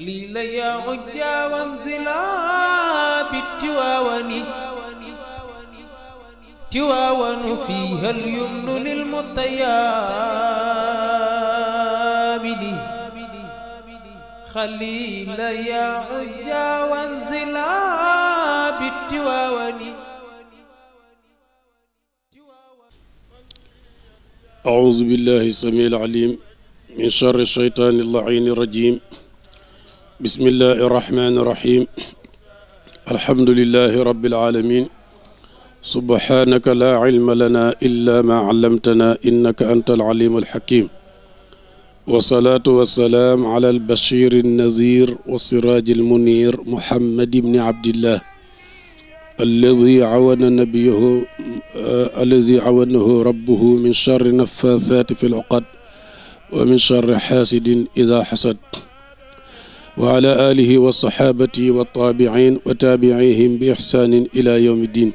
قليل يا عجا وانزلا بالتواون تواون فيها اليمن للمطيامن خليل يا عجا وانزلا بالتواون أعوذ بالله السميع العليم من شر الشيطان اللعين الرجيم بسم الله الرحمن الرحيم الحمد لله رب العالمين سبحانك لا علم لنا إلا ما علمتنا إنك أنت العليم الحكيم والصلاة والسلام على البشير النذير والسراج المنير محمد بن عبد الله الذي عون نبيه آه الذي عونه ربه من شر نفاثات في العقد ومن شر حاسد إذا حسد وعلى آله والصحابة والطابعين وتابعيهم بإحسان إلى يوم الدين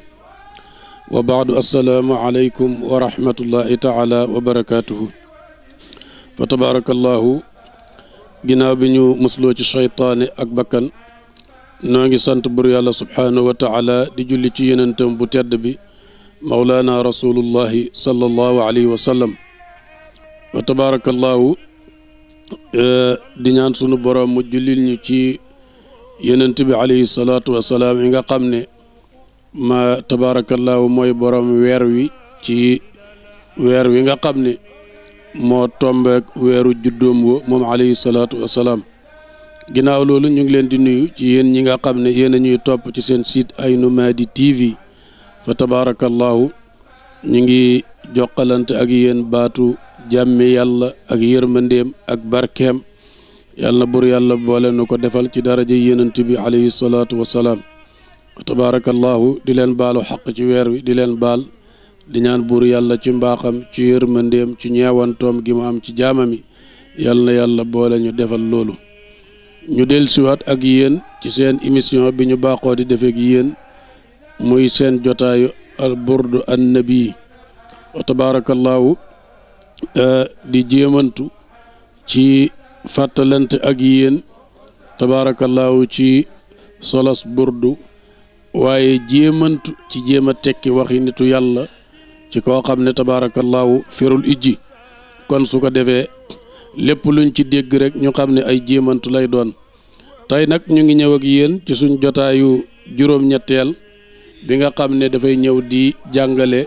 وبعد السلام عليكم ورحمة الله تعالى وبركاته فتبارك الله جنابنيو مسلوك الشيطان أكبكا نعني سنت بري الله سبحانه وتعالى لجلتين أنتم بتدبي مولانا رسول الله صلى الله عليه وسلم وتبارك وتبارك الله di ñaan sunu borom mu jullil ñu ci yenent bi alayhi salatu wasalaam yi nga xam ne ma tabarakallahu mooy borom weer wi ci weer wi nga xam ne moo tombeek weeru juddoom wo moom alayhi salatu wasalaam ginnaaw loolu ñu ngi leen di nuyu ci yéen ñi nga xam ne yéen a ñuy topp ci seen site aynu madi tv fa tabarakallahu ñu ngi jokkalante ak yéen baatu jàmmi yàlla ak yërmandeem ak barkeem yàlla buur yàlla boole nu ko defal ci daraja yéenant bi alayhi salaatu wasalaam tabaarakallahu di leen baalu xaq ci weer wi di leen baal di ñaan buur yàlla ci mbaaxam ci yërmandeem ci ñeewantoom gi mu am ci jaamami yàlla na yàlla boole ñu defal loolu ñu dellusiwaat ak yéen ci seen émission bi ñu baaxoo di defee yéen muy seen jotaayu al burdu an nabi Euh, di jéemantu ci fàttalante ak yéen tabaarakallaahu ci solos burdu waaye jéemantu ci jéem a tekki waxi nitu yàlla ci koo xam ne tabaarakallaahu ferul ijji kon su ko defee lépp luñ ci dégg rek ñu xam ne ay jéemantu lay doon tey nag ñu ngi ñëw ak yéen ci suñ jotaayu juróom-ñetteel bi nga xam ne dafay ñëw di jàngale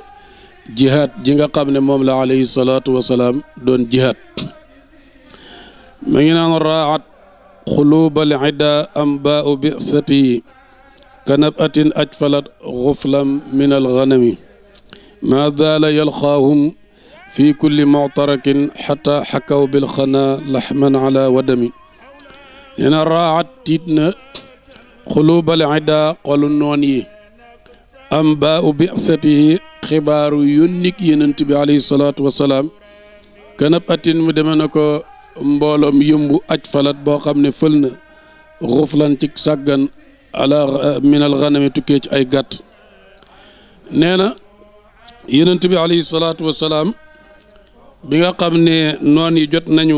jihaad ji nga xam ne moom la alayhi salaatu wasalaam doon jihaad mu ngi naan raaxat xuluubal ida am baa u bi'sati kanab atin ajfalat xuflam min alxanami maa zaala yalxaahum fi kulli muctarakin xata xakaw bilxana laxman ala wadami nee na raaxat tiit na xuluubal ida xolu noon yi ambaa u bi'satihi xibaaru yónnik yonent bi alayhi salaatu wasalaam kanab atin mu deme na ko mbooloom yëmbu aj falat boo xam ne fël na xuflan ci sàggan ala minal xanami tukkee ci ay gàtt nee na yonent bi alayhi salaatu wasalaam bi nga xam ne noon yi jot nañu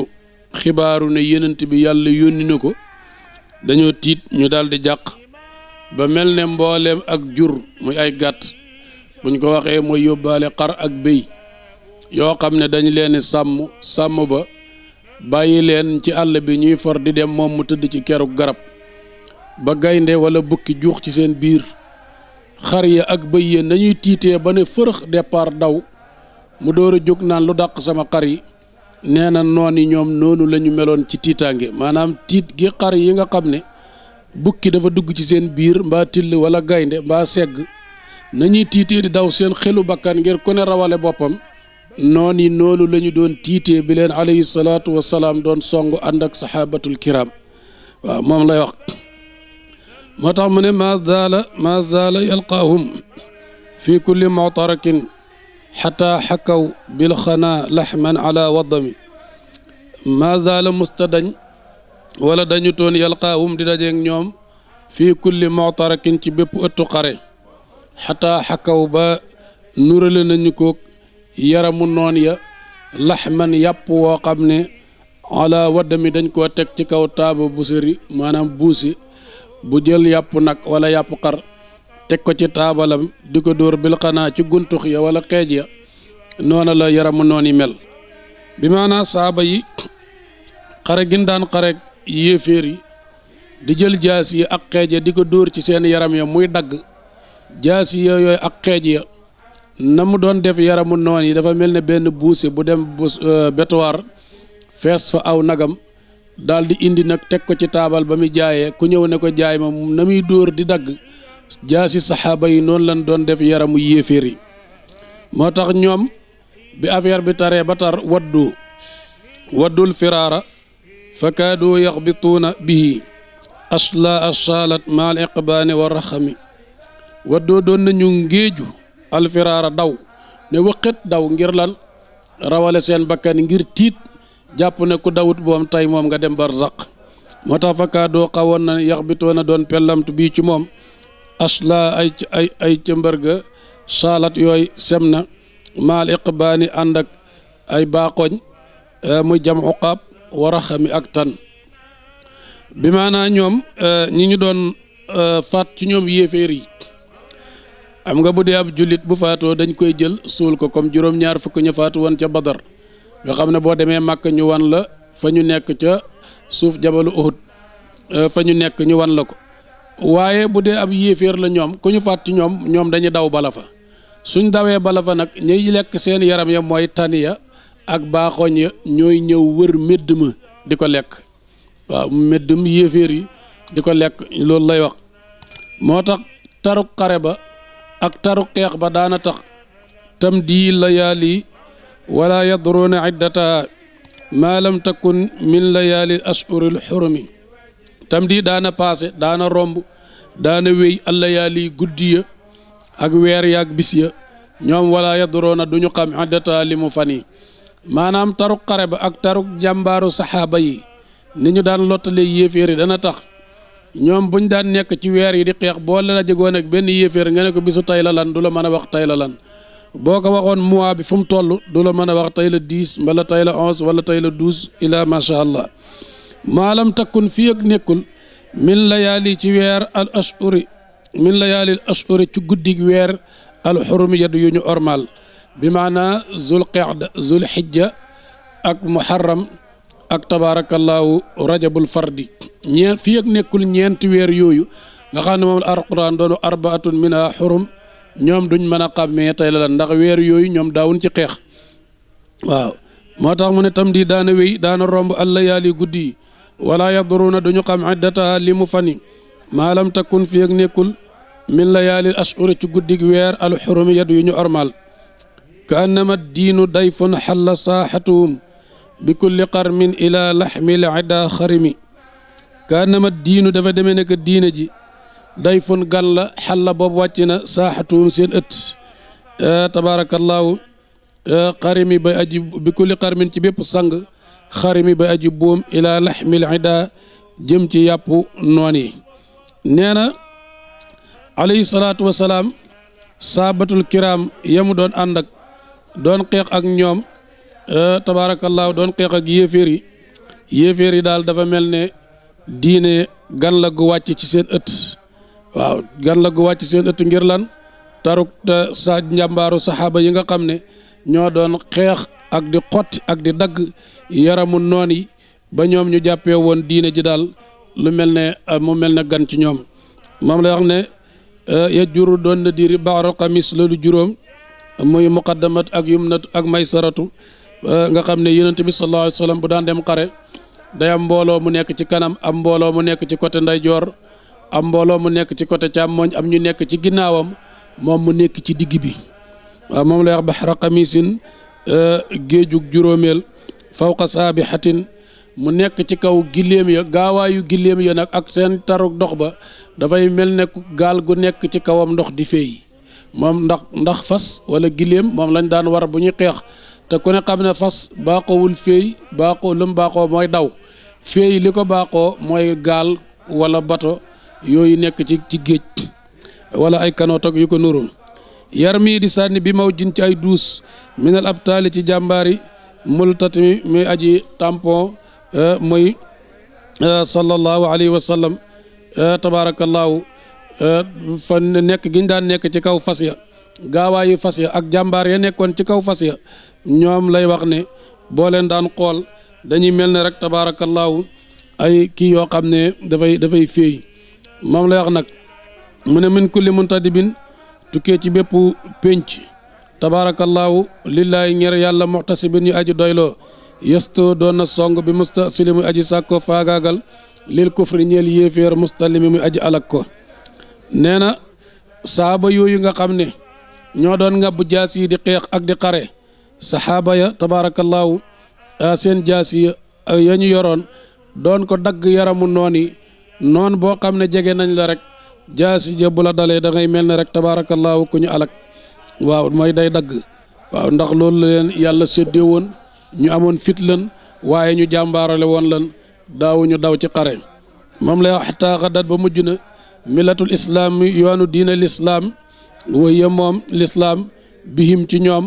xibaaru ne yonent bi yàlla yónni na ko dañoo tiit ñu daal di jàq ba mel ne mbooleem ak jur muy ay gàtt buñ ko waxee mooy yóbbaale xar ak béy yoo xam ne dañ leen sàmm sàmm ba bàyyi leen ci àll bi ñuy for di dem moom mu tëdd ci keru garab ba gaynde wala bukki juux ci seen biir xar yi ak bëy ya nañuy tiitee ba ne fërëx départ daw mu door a jóg naan lu dàq sama xar yi nee na noon yi ñoom noonu lañu meloon ci tiitaange maanaam tiit gi xar yi nga xam ni bukki dafa dugg ci seen biir mbaa till wala gaynde mbaa segg nañuy tiitee di daw seen xelu bakkan ngir ku ne rawale boppam noon yi noonu la ñu doon tiitee bi leen alayhi salaatu wasalaam doon song ànd ak saxaabatul kiraam waaw moom lay wax moo tax mu ne ma zaala ma zaala yalqaahum fi kulli mutarakin xataa xakaw bil laxman ala wadami ma zaala mustadañ wala dañu toon yalqaawum di dajeeg ñoom fii kulli motarakin ci bépp ëttu xare xataa kaw ba nurale nañu ko yaramu noon ya laxman yàpp woo xam ne ala wadda mi dañ koo teg ci kaw taaba bu sëri maanaam yi bu jël yàpp nag wala yàpp xar teg ko ci taabalam di ko dóor bil xanaa ci guntux ya wala xeej ya noona la yaramu noon yi mel bi maanaa saaba yi xare gin daan xare yéeféer yi di jël jaas yi ak xeej ya di ko dóor ci seen yaram ya muy dagg jaas yi yooyu ak xeej ya na mu doon def yaramu noon yi dafa mel ne benn buuse bu dem euh, betuwaar fees fa aw nagam daldi indi nag teg ko ci taabal ba mu jaayee ku ñëw ne ko jaay ma na muy dóor di dagg jaasi saxaaba yi noonu lañ doon def yaramu yéeféer yi moo tax ñoom bi affaire bi taree ba tar waddu waddul firaara fa kaaduu yaxbituuna bihi asla asaalat maal iqbaani wa raxami waddoo doon nañu ngéeju alfiraara daw ne wëqët daw ngir lan rawale seen bakkani ngir tiit jàpp ne ku dawut boom tey moom nga dem barzaq moo tax fa xawoon na yaxbituuna doon pellamtu bii ci moom asla ay ay ay cëmbërga yooyu sem na maal iqbaani ànd ak ay baaxoñ eh, mu jam uqaab waraxami ak tan bi maanaa ñoom eh, ñi ñu doon eh, faat ci ñoom yéeféer yi am nga bu dee ab jullit bu faatoo dañ koy jël suul ko comme juróom-ñaar fukk ñu faatu woon ca Badar nga xam ne boo demee màkk ñu wan la fa ñu nekk ca suuf jabalu Uhud eh, fa ñu nekk ñu wan la ko waaye bu dee ab yéeféer la ñoom ku ñu faat ci ñoom ñoom dañu daw bala fa suñ dawee bala fa nag ñuy lekk seen yaram ya mooy taniya ak baxoñ ñoy ñëw wër médd diko lek wa lekk yéfer yi diko lek lool lay wax motax taruk qareba ak taruk xeex ba daana tax tam dii layaali wala yadruuna iddata ma lam takun min layali ashuril xurumi tam dii daana passé daana romb daana wéy al layali guddiya ak wer yak bisya ñom wala yadruuna duñu xam iddata limu fani maanaam taruk xare ba ak taru jàmbaaru saxaaba yi ni ñu daan lottalee yéeféer yi dana tax ñoom buñ daan nekk ci weer yi di xeex boo la jegoon ak benn yéeféer nga ne ko bisu tay la lan du la mën a wax tay la lan boo ko waxoon mois bi fu mu toll du la mën a wax tay la dix mbala tay la onze wala tay la douze ilaa macha allah maalam takkun fii ak nekkul min layaali ci weer al ashuri min layaali al ashuri ci guddig weer al xurumiyatu yu ñu ormal بمعنى ذو القعد ذو الحجة أك محرم أك تبارك الله رجب الفرد فيك نكل نينت وير يويو وقال نمام القرآن دولو أربعة منها حرم نيوم دون منا قاب ميتا إلا لندق وير يويو نيوم داون تقيخ واو موتاق من تمدي دان وي دان الرمب الليالي قدي ولا يضرون دون قام عدتها لمفاني ما لم تكن فيك نيكول من ليالي تي تقدق وير الحرم يدو ينو أرمال كأنما الدين ضيف حل صاحتهم بكل قرم إلى لحم العدا خرمي كأنما الدين دفا دمينك الدين جي ضيف قال حل بواتنا صاحتهم سين ات تبارك الله آه قرمي بأجيب بكل قرم تبيب الصنغ خرمي بأجيبهم إلى لحم العدا جمتي يابو نواني نانا عليه الصلاة والسلام صابت الكرام يمدون أندك doon xeex ak ñoom e, tabaarakallaahu doon xeex ak yéeféer yi yéeféer yi daal dafa mel ne diine gan la gu wàcc ci seen ëtt waaw gan la gu wàcc ci seen ëtt ngir lan taruk te sa njàmbaaru saxaaba yi nga xam ne ñoo doon xeex ak di xotti ak di dagg yaramu noon yi ba ñoom ñu jàppee woon diine ji daal lu mel ne mu mel ne gan ci ñoom moom la xam ne e, ya juru doon na diri baaru xamis la lu juróom muy muqaddamat ak yumnat ak may maysaratu euh, nga xam ne yonent bi sallallahu alayhi wa bu daan dem xare day am mbooloo mu nekk ci kanam am mbooloo mu nekk ci côté ndeyjoor am mbooloo mu nekk ci côté càmmooñ am ñu nekk ci ginnaawam moom mu nekk ci digg bi waaw moom lay wax baxra xamisin euh, géejug juróomeel bi saabixatin mu nekk ci kaw giléem ya gaawaayu giléem ya nag ak seen tarug dox ba dafay mel ne gaal gu nekk ci kawam ndox di feey mom ndax ndax fas wala gilem mom lañ daan war bu ñuy xeex te ku ne xam ne fas baaxoowul féey baaxoo lum baaxoo mooy daw féey li ko baaxoo mooy gaal wala bato yooyu nekk ci ci géej wala ay kanoot ak yu ko nuroon yar mii di sànni bi maw jin ci ay duus minal ab taali ci jàmbaari multatimi mi aji tampon muy sallallahu alayhi wa sallam tabaarakallaahu Euh, fan nekk giñ daan nekk ci kaw fas ya gaawaayu fas ya ak jàmbaar ya nekkoon ci kaw fas ya ñoom lay wax ne boo leen daan xool dañuy mel ne rek tabaarakallaahu ay kii yoo xam ne dafay dafay féey moom lay wax nag mu ne min di bin tukkee ci bépp pénc tabaarakallaahu lillaahi ñer yàlla si muxtasibin ñu aji doyloo yëstu doon na song bi mustasilim muy aji sàkko faagaagal lil kufri ñeel yéeféer mustalim muy aji alak ko nee na saaba yooyu nga xam ne ñoo doon ngàbbu jaas yi di xeex ak di xare saxaaba ya tabaarakallaahu ah, seen jaas yi ah, ya ñu yoroon doon ko dagg yaramu noon yi noon boo xam ne jege nañ la rek jaasi ja bu la dalee dangay mel ne rek tabaarakallaahu ku ñu alak waaw mooy day dagg waaw ndax loolu leen yàlla séddee woon ñu amoon fit lan waaye ñu jàmbaarale woon lan daawuñu daw ci xare moom lay wax xataa xadat ba mujj na millatul islaam yoonu diina lislaam wëyya moom lislaam bihim ci ñoom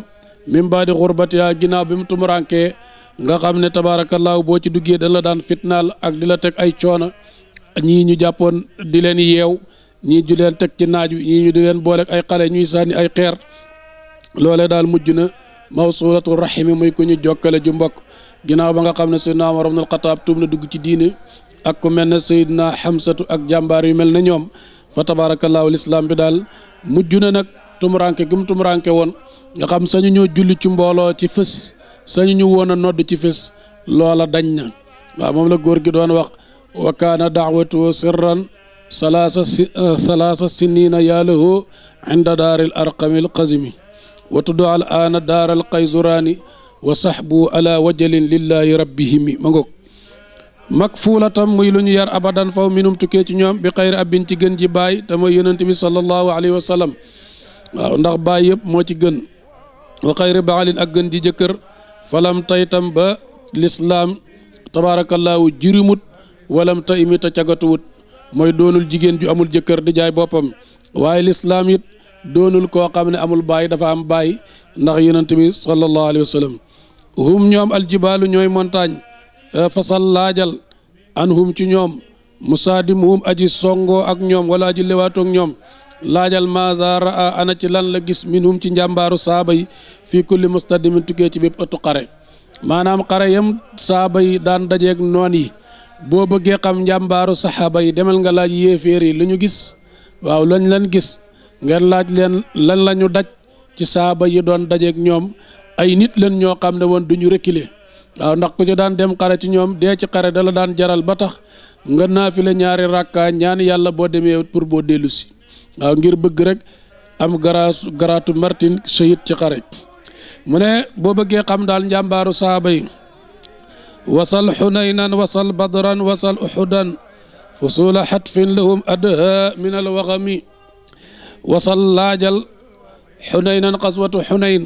min baadi xurbatiya ginnaaw bi mu tumurankee nga xam ne tabaarakallaahu boo ci duggee dañ la daan fitnaal ak di la teg ay coono ñii ñu jàppoon di leen yeew ñii ju leen teg ci naaj wi ñii ñu di leen booleeg ay xale ñuy sànni ay xeer loole daal mujj na mawsulatu rahimi muy ku ñu jokkale ju mbokk ginnaaw ba nga xam ne sayyidnaa Umar ibnul Xattaab tuub na dugg ci diine ak ku mel ne hamsatu ak jambar yu mel ñom fa tabarakallahu lislaam bi dal mujjuna nak nag tumuranke gum tumuranke won nga xam sañu ñoo julli ci mbolo ci fess sañu ñu wona nodd ci fess lola dañ na wa mom la gor gi doon wax wa kana da'watu sirran salaasa salaasa sinniina inda daari l arqami wa tudu al an daara al wa sahbu ala wajalin lillahi rabbihim mangok makfuulatan muy lu ñu yar abadan faw minum tukkee ci ñoom bi xayri abin ci gën ji baay te mooy yonent bi sallallahu alayhi wa sallam waaw ndax baay yëpp moo ci gën wa xayri baalin ak gën ji jëkkër falam taytam ba lislaam tabaarakallaahu jirimut walam taymi ta cagatuwut mooy doonul jigéen ju amul jëkkër di jaay boppam waaye lislaam it doonul koo xam ne amul baay dafa am baay ndax yonent bi sallallahu alayhi wa sallam hum ñoom aljibaalu ñooy montagne Eh, fasal laajal anhum ci ñoom musaadim aji songo ak ñoom wala aji lewaatoog ñoom laajal maza raa ana ci lan la gis minhum ci njàmbaaru saaba yi fii kulli mustadimin tukkee ci bépp ëttu xare maanaam xare yam saaba yi daan dajeeg noon yi boo bëggee xam njàmbaaru saxaaba yi demel nga laaj yéeféer yi lu ñu gis waaw lañ leen gis ngeen laaj leen lan la ñu daj ci saaba yi doon dajeeg ñoom ay nit leen ñoo xam ne woon du ñu reculer waaw ndax ku ci daan dem xare ci ñoom dee ci xare dala daan jaral ba tax nga naafile ñaari rakka ñaan yàlla boo demee pour boo dellu waaw ngir bëgg rek am garaatu garaatu martin shahid ci xare mu ne boo bëggee xam daal njàmbaaru saaba yi wasal xunaynan wasal badran wasal uxudan fusula xatfin lahum adha min alwaxami wasal laajal xunaynan xaswatu xunayn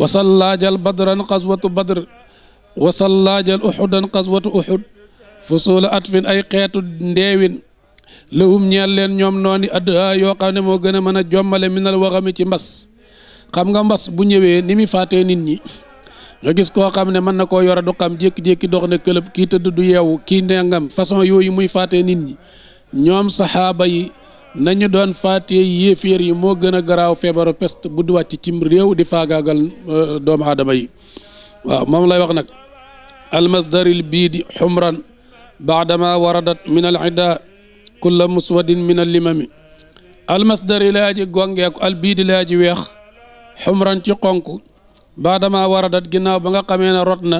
wasal laajal badran xaswatu badr wa sallaajal uxudan qaswatu uxud at atfin ay xeetu ndeewin lahum ñeel leen ñoom nooni addaa yoo xam ne moo gën a mën a jommale minal waxami ci mbas xam nga mbas bu ñëwee ni muy fàttee nit ñi nga gis koo xam ne mën na koo yor a du xam jékki-jékki dox ne këlëb kii tëdd du yeewu kii ndengam façon yooyu muy fàttee nit ñi ñoom saxaaba yi nañu doon fàttee yéeféer yi moo gën a garaaw feebaru pest bu di wàcc cim réew di faagaagal euh, doomu aadama yi waaw lay wax nag المصدر البيد حمرا بعدما وردت من العدا كل مسود من اللمم المصدر لاجي غونغيك البيد لاجي ويخ حمرا تي قنك بعدما وردت غيناو باغا خامينا رتنا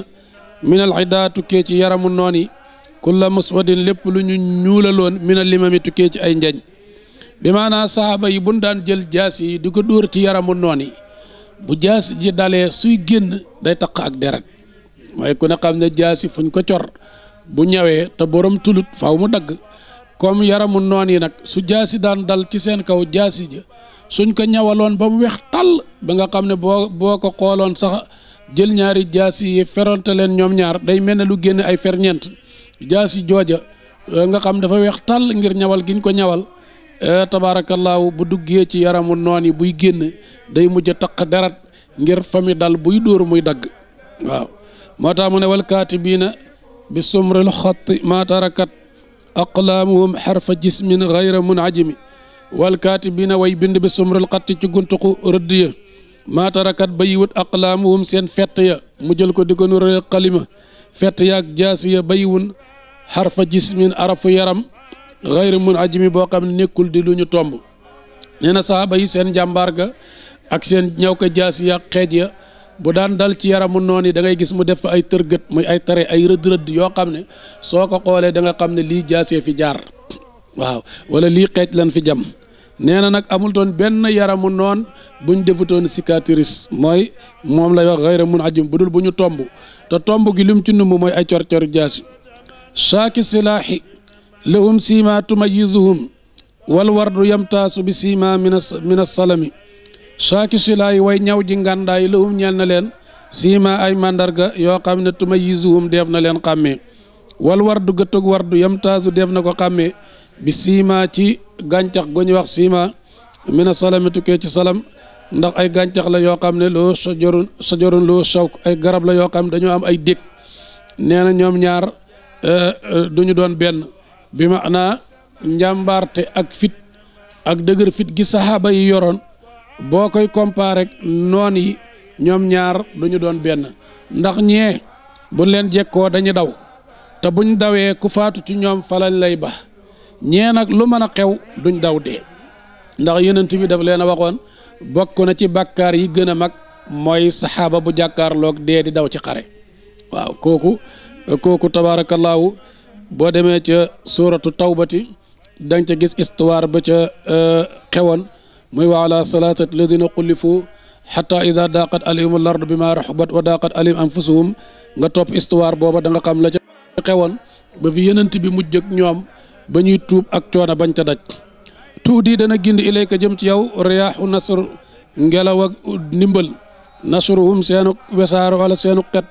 من العدا تكي تي يرم نوني كل مسود لب لو نيولالون من اللمم تكي تي اي نجاج bi maanaa sahaaba yi buñ daan jël jaas yi di ko dóor ci yaramu noon yi bu jaas ji dalee suy génn day taq ak deret waaye ku ne xam ne jaasi fuñ ko cor bu ñawee te borom tulut faw mu dagg comme yaramu noon yi nag su jaasi daan dal ci seen kaw jaasi ja suñ ko ñawaloon ba mu wex tàll ba nga xam ne boo boo ko xooloon sax jël ñaari jaasi yi feronte leen ñoom ñaar day mel ne lu génne ay ferñeent jaasi jooja euh, nga xam dafa wex tàll ngir ñawal giñ ko ñawal euh, tabaarakallaahu bu duggee ci yaramu noon yi buy génn day mujj taq derat ngir fami dal buy dóor muy dagg waaw moo tax mu ne wal kaatibiina bi sumril xatti maa tarakat aqlaamuhum xarfa jismin gayra munajimi wal kaatibiina way bind bi sumril xatti ci guntuxu rëdd ya maa tarakat ba yiwut aqlaamuhum seen fett ya mu jël ko di ko nurale xalima fett yaag jaasi ya bayiwun xarfa jismin arafu yaram gayra munajimi boo xam ne nekkul di lu ñu tomb nee na saaba yi seen jàmbaar ga ak seen ñaw ko jaasi yaag xeej ya bu daan dal ci yaramu noon yi da ngay gis mu def fa ay tërgët muy ay tare ay rëdd-rëdd yoo xam ne soo ko xoolee da nga xam ne lii jaasee fi jaar waaw wala lii xeej lan fi jam nee na nag amul toon benn yaramu noon buñ defutoon cicatrice mooy moom lay wax xëyra mun ajum bu dul bu ñu tomb te tomb gi lim ci numb mooy ay cor-coru jaasi saaki silaahi lahum siima tumayizuhum wal wardu yamtaasu bi siima min min assalami shaaki silaayi way ñaw ji ngàndaay lu um ñeel na len sima ay mandarga yo xamne ne tuma yisuhum def na len xamé wal wardu gëttuk wardu yam tazu def na ko xamé bi sima ci gantax goñ wax sima mina salamatu ke ci salam ndax ay gantax la yo xamne lo sojorun sojorun lo sawk ay garab la yo xam dañu am ay dik. neena ñom ñaar euh eh, eh, duñu doon Bima bi makna njambarte ak fit ak deugur fit gi sahaba yi yoron boo koy comparé noon yi ñoom ñaar duñu doon benn ndax ñee buñ leen jekkoo dañu daw te buñ dawee ku faatu ci ñoom falañ lay ba ñee nag lu mën a xew duñ daw dee ndax yenent bi daf leen a waxoon bokk na ci bàkkaar yi gën a mag mooy saxaaba bu jàkkaarlook dee di daw ci xare waaw kooku kooku tabaarakallaahu boo demee ca suuratu tawbati dañ ca gis histoire ba ca euh, xewoon muy wa ala salaasat ladina xullifu xata ida daqat alihum lard bi ma raxubat wa daqat alihum anfusuhum nga topp histoire booba da nga xam la ca xewoon ba fi yenent bi mujj ak ñoom ba ñuy tuub ak coono bañ ca daj tuudi dana gindi ilayka jëm ci yow riyaaxu nasr ngelaw ak ndimbal nasruhum seenu wesaaro wala seenu xet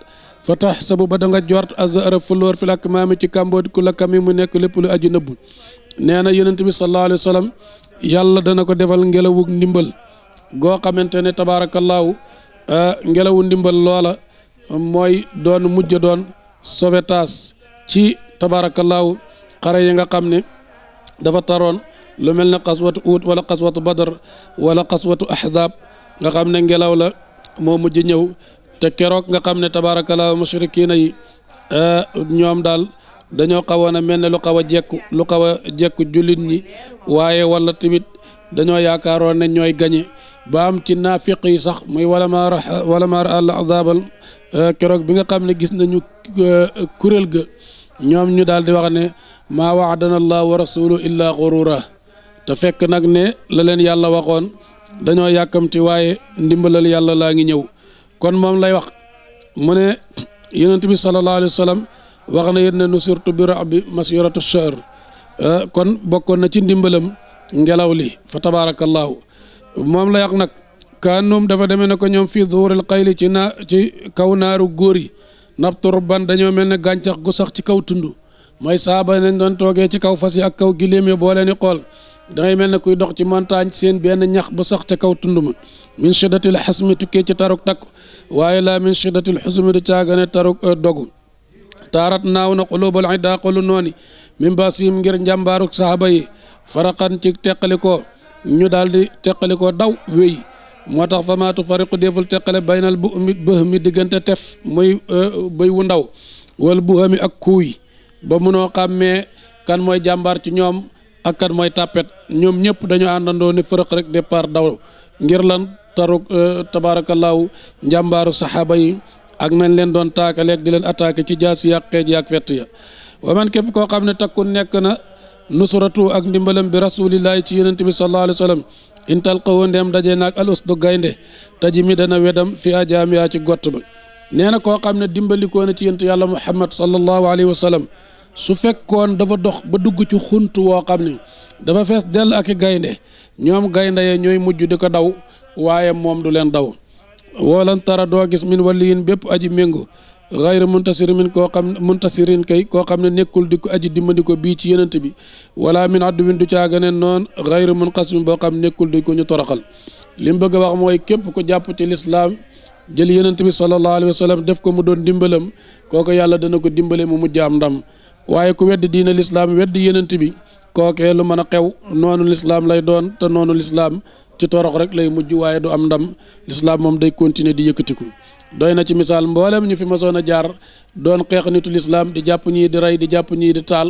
fa tax ba da nga jort azara fuloor fi lakk ci kàmboodi ku la kami mu nekk lépp lu aju nëbbu nee na yonent bi sallallahu alayhi wa yàlla dana ko defal ngelawug ndimbal goo xamante ne tabaarakallaahu euh, ngelawu ndimbal loola mooy doon mujj doon sauvetage ci tabaarakallaahu xare yi nga xam ne dafa taroon lu mel ne xaswatu uut wala xaswatu badar wala xaswatu ahzaab nga xam ne ngelaw la moo mujj ñëw te keroog nga xam ne tabaarakallaahu mushrikiina yi euh, ñoom daal dañoo xawoon a mel ne lu xaw a jekku lu xaw a jekku jullit ñi waaye wala tamit dañoo yaakaaroon ne ñooy gañe ba am ci naafiq yi sax muy wala ma wala ma àll euh, keroog bi nga xam ne gis nañu euh, kuréel ga ñoom ñu daal di wax ne ma wax dana la wa rasulu illa xurura te fekk nag ne la leen yàlla waxoon dañoo yàkkamti waaye ndimbalal yàlla laa ngi ñëw kon moom lay wax mu ne yonent bi sallallahu alayhi wax na yéen na nu surtout bi ra bi masuratu shahr eh, kon bokkoon na ci ndimbalam ngelaw li fa tabaarakallaahu moom la yàq nag noom dafa demee ne ko ñoom fii zuhuril xayli ci naa ci kaw naaru góor yi nabtu ban dañoo mel ne gàncax gu sax ci kaw tund mooy saaba nañ doon toogee ci kaw fas yi ak kaw giléem yi boo leen xool dangay mel ne kuy dox ci montagne seen benn ñax bu sax ca kaw tund ma min shiddatil xasmi tukkee ci taruk takk waaye laa min shiddatil xusumi du caagane taruk eh, dogu tarat naaw na xulubal ida xolu nooni min basim ngir njambaruk sahaba yi faraqan ci tekkaliko ñu daldi di daw wey motax fa deful tekkale baynal bu mi bëx tef moy bay wu ndaw wal buhami ak kuy ba mëno xamé kan moy jambar ci ñom ak kan moy tapet ñom ñëpp dañu andando ni fërëq rek départ daw ngir lan taruk tabarakallah jambaru sahabai yi ak nañ leen doon taakaleeg di leen attaqué ci jaas yàq xeej yàq fett ya wa man képp koo xam ne takku nekk na nusratu ak ndimbalam bi rasulillahi ci yonent bi sallallahu alayhi wa sallam intal qawo ndeem dajee naag al usdu gaynde taji mi dana wedam fi yaa ci gott ba nee na koo xam ne dimbalikoona ci yonent yàlla muhammad sallallahu alayhi wa sallam su fekkoon dafa dox ba dugg ci xunt woo xam ne dafa fees dell ak i gaynde ñoom gaynde ya ñooy mujj di ko daw waaye moom du leen daw woolan tara doo gis min waliyin bépp aji méngo xayra muntasir min koo xam muntasirin kay koo xam ne nekkul di ko aji dimbali ko bii ci yenant bi wala min addu win du caaganeen noon xayra mun xas mi boo nekkul di ñu toroxal li mu bëgg a wax mooy képp ko jàpp ci lislaam jël yenant bi sallallahu alayhi wa sallam def ko mu doon dimbalam kooku yàlla dana ko dimbale mu mu jaam ndam waaye ku weddi diina lislaam weddi yenant bi kookee lu mën a xew noonu lislaam lay doon te noonu lislaam ci torox rek lay mujj waaye du am ndam lislaam moom day continuer di yëkkatiku doy na ci misaal mboolem ñu fi masoon a jaar doon xeex nitu lislaam di jàpp ñii di rey di jàpp ñii di taal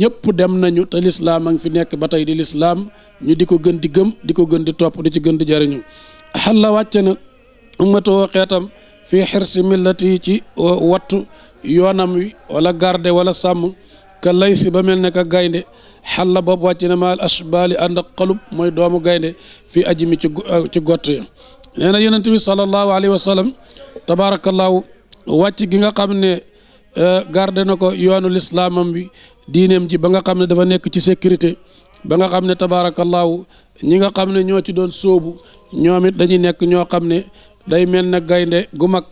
ñëpp dem nañu te lislaam a ngi fi nekk ba tey di lislaam ñu di ko gën di gëm di ko gën di topp di ci gën di jariñu xalla wàcce na ummatoo xeetam fii xirsi millati ci wattu yoonam wi wala garde wala sàmm ka laysi ba mel ne ka gaynde xal la boobu wàcc na maal asbaali ànd xalub mooy doomu gaynde fii aji mi ci euh, ci gott yi nee na yonent bi sallallahu alayhi wa sallam tabaarakallaahu wàcc gi nga xam ne euh, garde na ko yoonu lislaamam bi diineem ji ba nga xam ne dafa nekk ci sécurité ba nga xam ne tabaarakallaahu ñi nga xam ne ñoo ci doon sóobu ñoom it dañuy nekk ñoo xam ne day mel na gaynde gu mag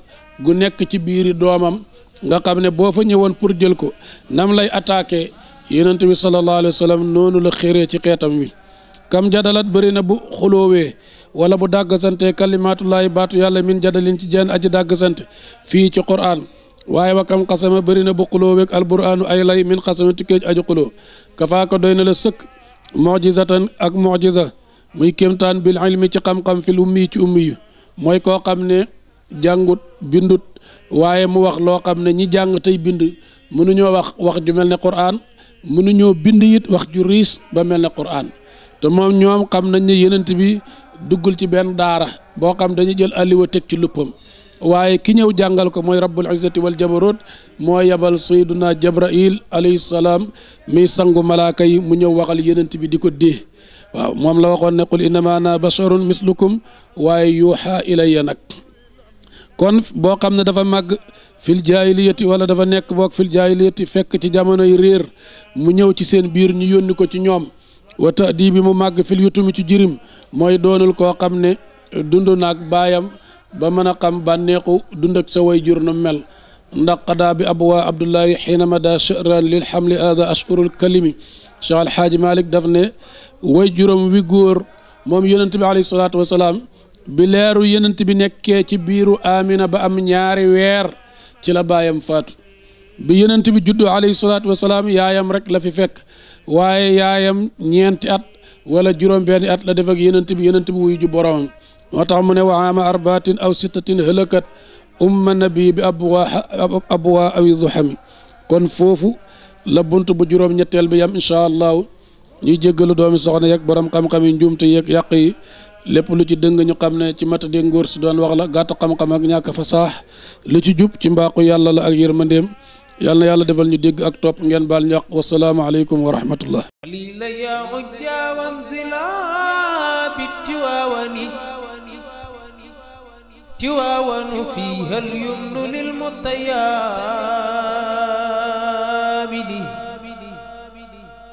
gu nekk ci biiri doomam nga xamne bo fa ñewon pour jël ko nam lay attaqué yonent bi sallallahu alayhi wasallam nonu noonu la xéree ci xetam wi kam jadalat bari na bu xulowé wala bu dàggasante kalimaatullaahi batu yàlla min jadalin ci jenn aji dàggasante fi ci qur'an waye wa kam qasama bari na bu xulooweeg alquraanu ay lay min xasama ke aji xuloo kafaa ko doyna la sëkk ak mu'jiza muy kemtan bil ilmi ci xam-xam fi lu ummi ci ummi moy ko xamne jàngut bindut waaye mu wax loo xam ne ñi jàng tey bind mënuñoo wax wax ju mel ne quraan mënuñoo bind it wax ju riis ba mel ne quraan te moom ñoom xam nañ ne yenent bi duggul ci benn daara boo xam dañu jël alliwa teg ci luppam waaye ki ñëw jàngal ko mooy rabbul izzati wal jabarut moo yebal sayduna jabrail alayhi salaam mi sangu malaaka yi mu ñëw waxal yenent bi di ko dee waaw moom la waxoon ne qul innama ana basharun mislukum waaye yuuxa ilayya nag kon boo xam ne dafa màgg fil jaahiliyati wala dafa nekk boog fil jaahiliyati fekk ci jamono yi réer mu ñëw ci seen biir ñu yónni ko ci ñoom wa taadi bi mu màgg fil yutumi ci jirim mooy doonul koo xam ne dund naag baayam ba mën a xam bànneexu dund ak sa way jur nu mel ndax qadaa bi abwaa abdullahi xiina mada shahran lil xamli aada ashurul kalimi cheikh alxaaji malik daf ne way juróom wi góor moom yonente bi alayhi salaatu wasalaam bi leeru yenant bi nekkee ci biiru amina ba am ñaari weer ci la baayam faatu bi yenant bi juddu alayhi salaatu wasalaam yaayam rek la fi fekk waaye yaayam ñeenti at wala juróom benn at la def ak yenant bi yenant bi wuyu ju boromam moo tax mu ne waama arbaatin aw sittatin hëlëkat umma nabi bi abwa abwa awi zuhami kon foofu la bunt bu juróom ñetteel bi yam incha allahu ñuy jéggalu doomi soxna yeeg borom xam-xam yi njuumte yeeg yàq yi lépp lu ci dëng ñu xam ne ci mata de ngóor si doon wax la gàtt xam-xam ak ñàkk fa saax lu ci jub ci mbaaxu yàlla la ak yërmandeem yàlla yàlla defal ñu dégg ak topp ngeen baal ñu àq wassalaamu aleykum wa rahmatullah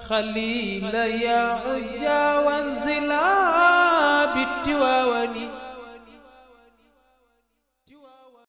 خليل يا عيا وانزلا بتواني